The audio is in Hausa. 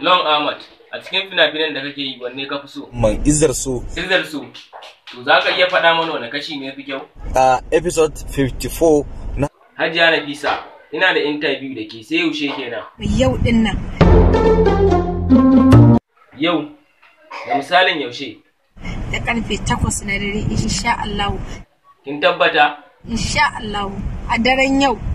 Long Ahmad, a cikin fina-finan da kake yi wanne ka fi so? Man izar so. Izar so. To za ka iya faɗa mana wani kashi ne fi kyau? A episode 54 na. Hajiya Nafisa, ina da interview da ke sai yaushe kenan. Yau din nan. Yau, da misalin yaushe? Da karfe takwas na dare, insha Allah. Kin tabbata? Insha Allah, a daren yau.